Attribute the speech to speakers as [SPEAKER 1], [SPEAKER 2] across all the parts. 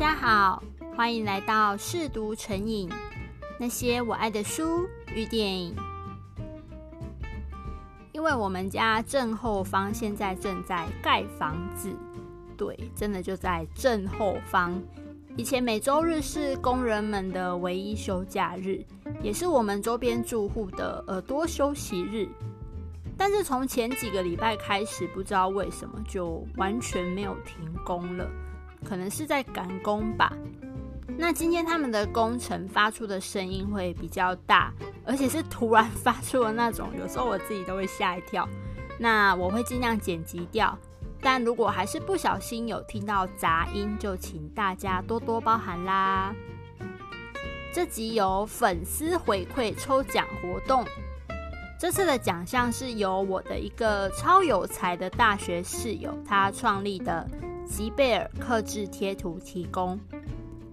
[SPEAKER 1] 大家好，歡迎來到嗜讀成癮，那些我愛的書與電影。因為我們家正後方現在正在蓋房子，對，真的就在正後方。以前每周日是工人們的唯一休假日，也是我們周邊住戶的耳朵休息日。但是從前幾個禮拜開始，不知道為什麼就完全沒有停工了。可能是在趕工吧。那今天他們的工程發出的聲音會比較大，而且是突然發出的那種，有時候我自己都會嚇一跳。那我會尽量剪輯掉，但如果還是不小心有聽到雜音，就請大家多多包涵啦。這集有粉絲回饋抽獎活動，這次的獎項是由我的一個超有才的大學室友他創立的。吉貝爾客製貼圖提供，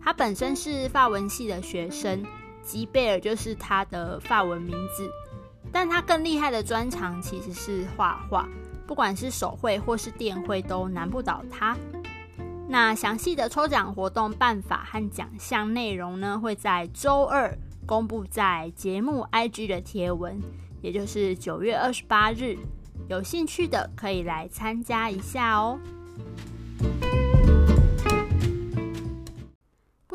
[SPEAKER 1] 他本身是法文系的學生，吉貝爾就是他的法文名字。但他更厲害的專長其實是畫畫，不管是手繪或是電繪都難不倒他。那詳細的抽獎活動辦法和獎項內容呢，會在周二公布在節目 IG 的貼文，也就是九月二十八日，有興趣的可以來參加一下哦。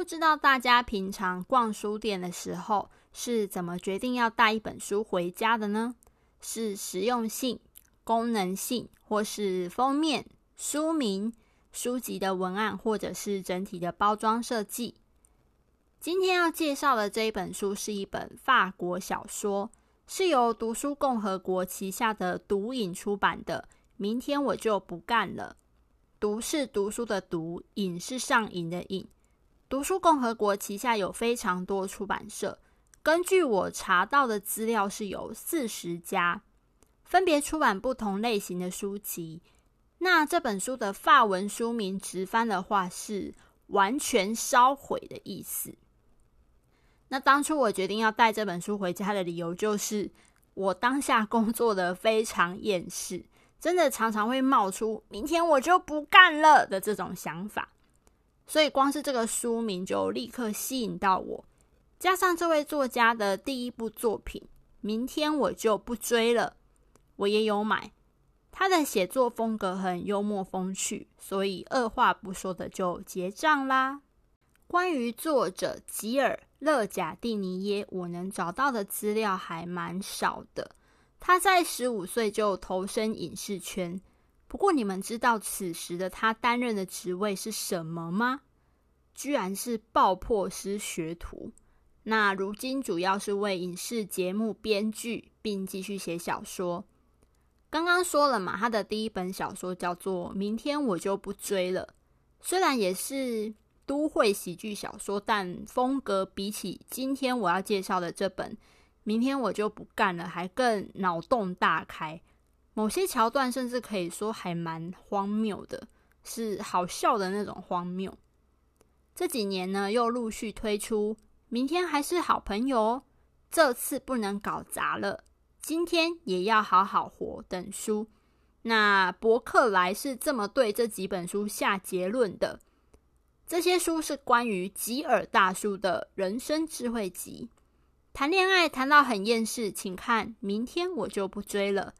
[SPEAKER 1] 不知道大家平常逛書店的時候，是怎麼決定要帶一本書回家的呢？是實用性、功能性，或是封面、書名、書籍的文案，或者是整體的包裝設計？今天要介紹的這一本書是一本法國小說，是由讀書共和國旗下的讀癮出版的。明天我就不幹了。讀是讀書的讀，癮是上癮的癮。讀書共和國旗下有非常多出版社，根據我查到的資料，是有四十家，分別出版不同類型的書籍。那這本書的法文書名直翻的話是“完全燒毀”的意思。那當初我決定要帶這本書回家的理由，就是我當下工作的非常厭世，真的常常會冒出“明天我就不幹了”的這種想法。所以光是這個書名就立刻吸引到我，加上這位作家的第一部作品，明天我就不追了。我也有買，他的寫作風格很幽默風趣，所以二話不說的就結賬啦。關於作者吉爾·勒賈蒂尼耶，我能找到的資料還蠻少的。他在十五歲就投身影視圈。不過你們知道此時的他擔任的職位是什麼嗎？居然是爆破師學徒。那如今主要是為影視節目編劇，並繼續寫小說。剛剛說了嘛，他的第一本小說叫做《明天我就不追了》，雖然也是都會喜劇小說，但風格比起今天我要介紹的這本《明天我就不幹了》，還更腦洞大開。某些橋段甚至可以說還蠻荒謬的，是好笑的那種荒謬。這幾年呢，又陸續推出《明天還是好朋友》、《這次不能搞砸了》、《今天也要好好活》等書。那博客來是這麼對這幾本書下結論的：這些書是關於吉爾大叔的人生智慧集。談戀愛談到很厭世，請看《明天我就不追了》。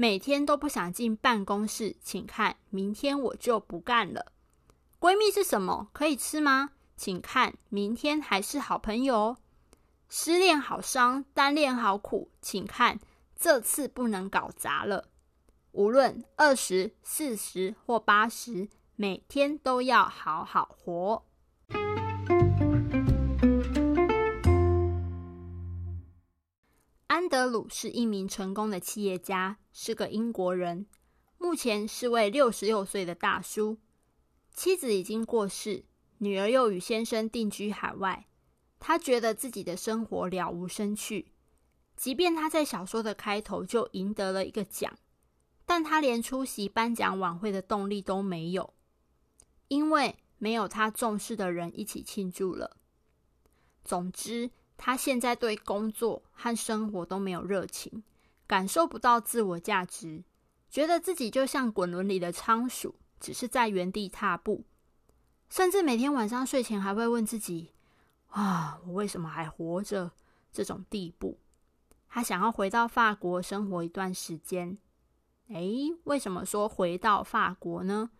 [SPEAKER 1] 每天都不想進辦公室，請看。明天我就不幹了。閨蜜是什麼？可以吃嗎？請看。明天還是好朋友。失戀好傷，單戀好苦，請看。這次不能搞砸了。無論二十、四十或八十，每天都要好好活。安德魯是一名成功的企業家。是個英國人，目前是位六十六歲的大叔。妻子已經過世，女兒又與先生定居海外。他覺得自己的生活了無生趣。即便他在小說的開頭就贏得了一個獎，但他連出席頒獎晚會的動力都沒有，因為沒有他重視的人一起慶祝了。總之，他現在對工作和生活都沒有熱情。感受不到自我價值，覺得自己就像滾輪裡的倉鼠，只是在原地踏步。甚至每天晚上睡前還會問自己：“啊，我為什麼還活着？”這種地步，他想要回到法國生活一段時間。誒，為什麼說回到法國呢？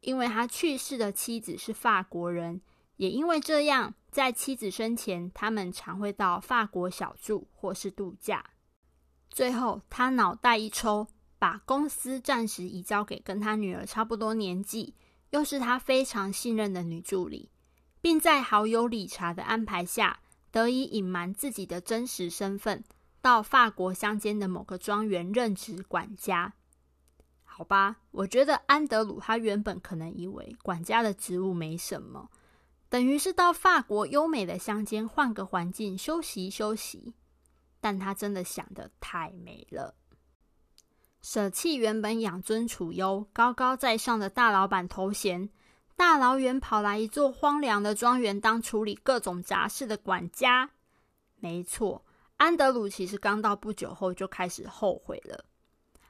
[SPEAKER 1] 因為他去世的妻子是法國人，也因為這樣，在妻子生前，他們常會到法國小住或是度假。最後，他腦袋一抽，把公司暫時移交給跟他女兒差不多年紀、又是他非常信任的女助理，並在好友理查的安排下，得以隱瞞自己的真實身份，到法國鄉間的某個莊園任職管家。好吧，我覺得安德魯他原本可能以為管家的職務沒什麼，等於是到法國優美的鄉間換個環境休息休息。但他真的想得太美了，捨棄原本養尊處優、高高在上的大老闆頭銜，大老遠跑來一座荒涼的莊園當處理各種雜事的管家。沒錯，安德魯其實剛到不久後就開始後悔了，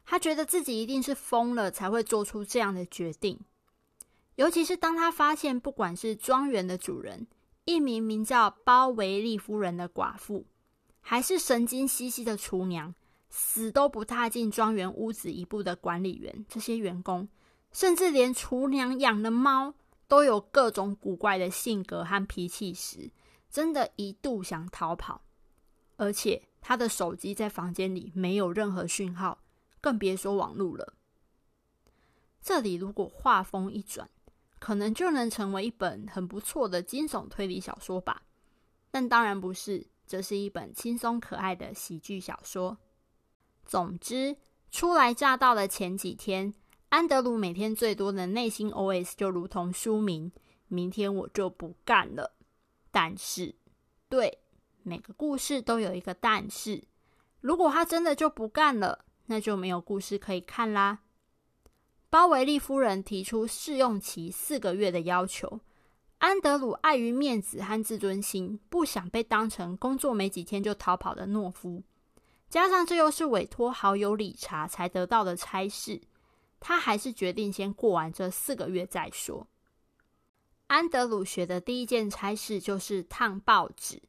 [SPEAKER 1] 他覺得自己一定是瘋了才會做出這樣的決定。尤其是當他發現，不管是莊園的主人，一名名叫包維利夫人的寡婦。還是神經兮兮的廚娘，死都不踏進莊園屋子一步的管理員，這些員工，甚至連廚娘養的貓都有各種古怪的性格和脾氣時，真的一度想逃跑。而且他的手機在房間裡沒有任何訊號，更別說網路了。這裡如果畫風一轉，可能就能成為一本很不錯的驚悚推理小說吧。但當然不是。這是一本輕鬆可愛的喜劇小說。總之，初來乍到的前幾天，安德魯每天最多的內心 OS 就如同書名：明天我就不幹了。但是，對，每個故事都有一個但是。如果他真的就不幹了，那就沒有故事可以看啦。包維利夫人提出試用期四個月的要求。安德魯礙於面子和自尊心，不想被當成工作沒幾天就逃跑的懦夫。加上這又是委托好友理查才得到的差事，他還是決定先過完這四個月再說。安德魯學的第一件差事就是燙報紙，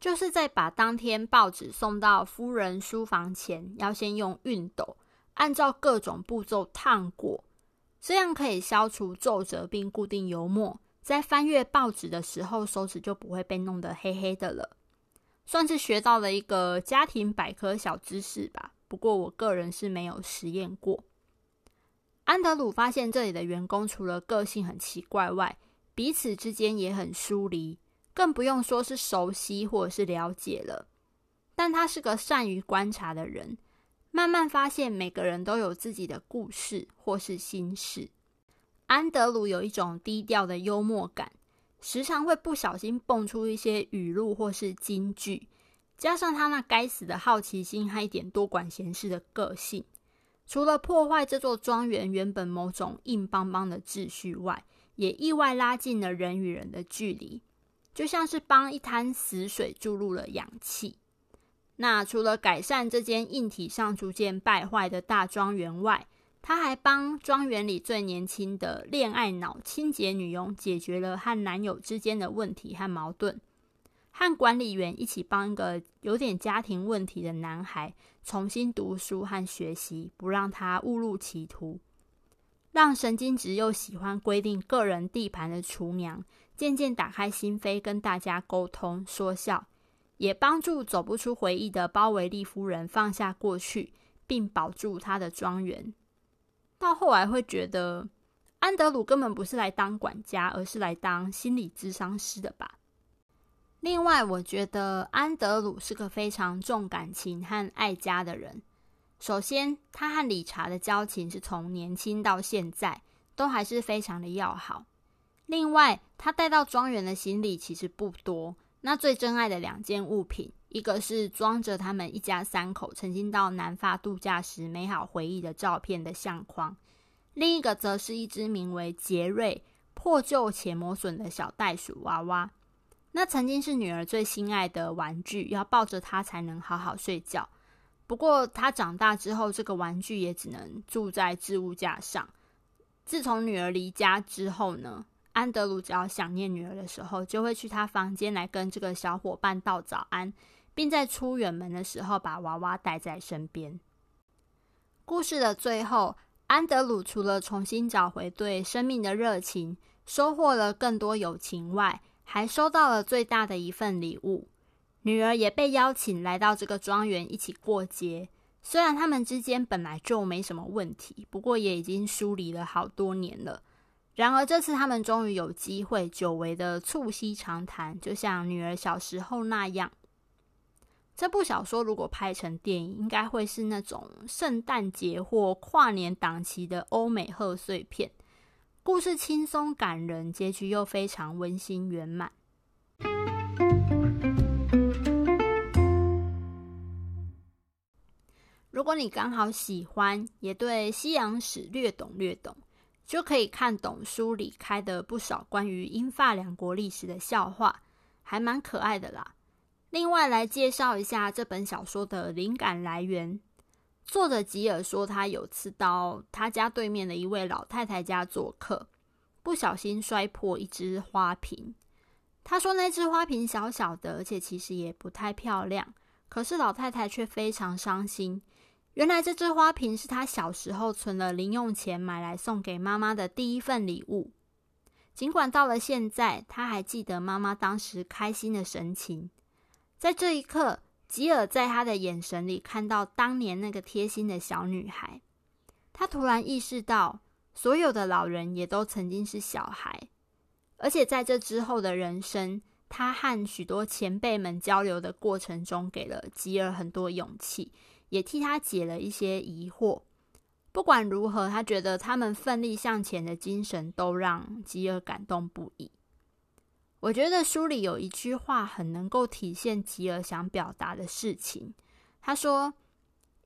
[SPEAKER 1] 就是在把當天報紙送到夫人書房前，要先用熨斗按照各種步驟燙過，這樣可以消除皺褶並固定油墨。在翻閱報紙的時候，手指就不會被弄得黑黑的了，算是學到了一個家庭百科小知識吧。不過我個人是沒有實驗過。安德魯發現這裡的員工除了個性很奇怪外，彼此之間也很疏離，更不用說是熟悉或者是了解了。但他是個善於觀察的人，慢慢發現每個人都有自己的故事或是心事。安德魯有一種低調的幽默感，時常會不小心蹦出一些語錄或是金句，加上他那該死的好奇心和一點多管閒事的個性，除了破壞這座莊園原本某種硬邦邦的秩序外，也意外拉近了人與人的距離，就像是幫一灘死水注入了氧氣。那除了改善這間硬體上逐漸敗壞的大莊園外，他還幫莊園裡最年輕的戀愛腦清潔女傭解決了和男友之間的問題和矛盾，和管理員一起幫一個有點家庭問題的男孩重新讀書和學習，不讓他誤入歧途。讓神經質又喜歡規定個人地盤的廚娘漸漸打開心扉，跟大家溝通說笑，也幫助走不出回憶的包維利夫人放下過去，並保住她的莊園。到後來會覺得，安德魯根本不是來當管家，而是來當心理諮商師的吧。另外，我覺得安德魯是個非常重感情和愛家的人。首先，他和理查的交情是從年輕到現在都還是非常的要好。另外，他帶到莊園的行李其實不多。那最珍愛的兩件物品，一個是裝着他們一家三口曾經到南法度假時美好回憶的照片的相框，另一個則是一隻名為杰瑞、破舊且磨損的小袋鼠娃娃。那曾經是女兒最心愛的玩具，要抱着它才能好好睡覺。不過，她長大之後，這個玩具也只能住在置物架上。自從女兒離家之後呢？安德魯只要想念女兒的時候，就會去她房間來跟這個小夥伴道早安，並在出遠門的時候把娃娃帶在身邊。故事的最後，安德魯除了重新找回對生命的熱情，收穫了更多友情外，還收到了最大的一份禮物。女兒也被邀請來到這個莊園一起過節。雖然他們之間本來就沒什麼問題，不過也已經疏離了好多年了。然而這次，他們終於有機會久違的促膝長談，就像女兒小時候那樣。這部小說如果拍成電影，應該會是那種聖誕節或跨年檔期的歐美賀歲片。故事輕鬆感人，結局又非常溫馨圓滿。如果你剛好喜歡，也對西洋史略懂略懂。就可以看懂書裡開的不少關於英法兩國歷史的笑話，還蠻可愛的啦。另外來介紹一下這本小說的靈感來源。作者吉爾說，他有次到他家對面的一位老太太家做客，不小心摔破一隻花瓶。他說那隻花瓶小小的，而且其實也不太漂亮，可是老太太卻非常傷心。原來這隻花瓶是他小時候存了零用錢買來送給媽媽的第一份禮物。儘管到了現在，他還記得媽媽當時開心的神情。在這一刻，吉爾在他的眼神裡看到當年那個貼心的小女孩。他突然意識到，所有的老人也都曾經是小孩，而且在這之後的人生，他和許多前輩們交流的過程中，給了吉爾很多勇氣。也替他解了一些疑惑。不管如何，他覺得他們奮力向前的精神都讓吉爾感動不已。我覺得書裡有一句話很能夠體現吉爾想表達的事情。他說：“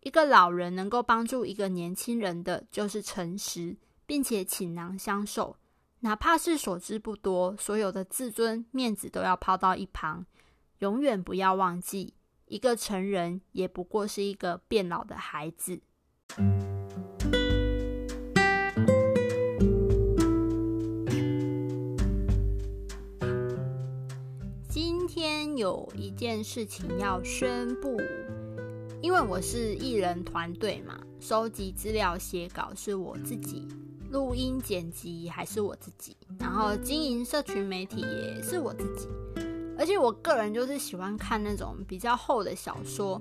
[SPEAKER 1] 一個老人能夠幫助一個年輕人的，就是誠實，並且傾囊相授，哪怕是所知不多，所有的自尊面子都要拋到一旁，永遠不要忘記。”一個成人也不過是一個變老的孩子。今天有一件事情要宣布，因為我是一人團隊嘛，收集資料、寫稿是我自己，錄音剪輯還是我自己，然後經營社群媒體也是我自己。而且我個人就是喜歡看那種比較厚的小說，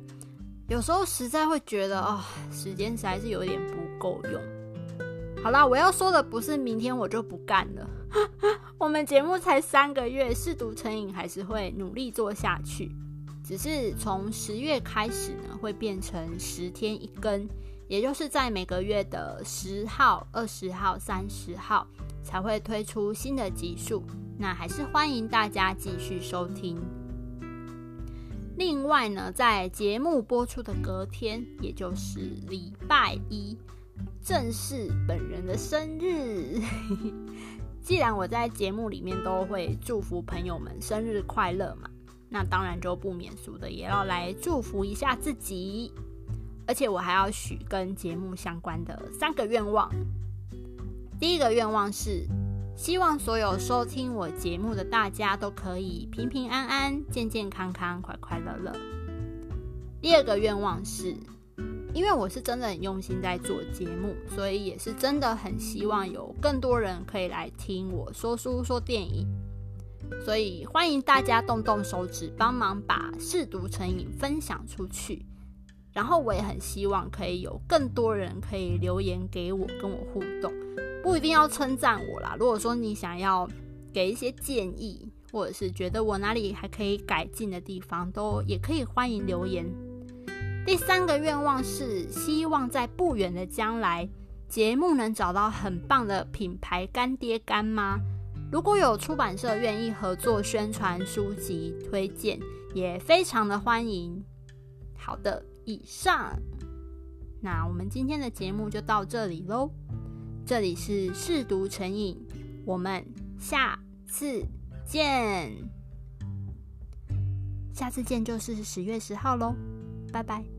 [SPEAKER 1] 有時候實在會覺得哦，時間實在是有點不夠用。好啦，我要說的不是明天我就不幹了， 我們節目才三個月，試讀成癮還是會努力做下去。只是從十月開始呢，會變成十天一更，也就是在每個月的十號、二十號、三十號才會推出新的集數。那還是歡迎大家繼續收聽。另外呢，在節目播出的隔天，也就是禮拜一，正是本人的生日。 既然我在節目裡面都會祝福朋友們生日快樂嘛，那當然就不免俗的也要來祝福一下自己。而且我還要許跟節目相關的三個願望。第一個願望是。希望所有收聽我節目的大家都可以平平安安、健健康康、快快樂樂。第二個願望是，因為我是真的很用心在做節目，所以也是真的很希望有更多人可以來聽我說書、說電影。所以歡迎大家動動手指，幫忙把《試讀成癮》分享出去。然後我也很希望可以有更多人可以留言給我，跟我互動。不一定要稱讚我啦。如果說你想要給一些建議，或者是覺得我哪裡還可以改進的地方，都也可以歡迎留言。第三個願望是，希望在不遠的將來，節目能找到很棒的品牌乾爹乾媽。如果有出版社願意合作宣傳書籍推薦，也非常的歡迎。好的，以上，那我們今天的節目就到這裡嘍。這裡是試讀成癮，我們下次見。下次見就是十月十號嘍，拜拜。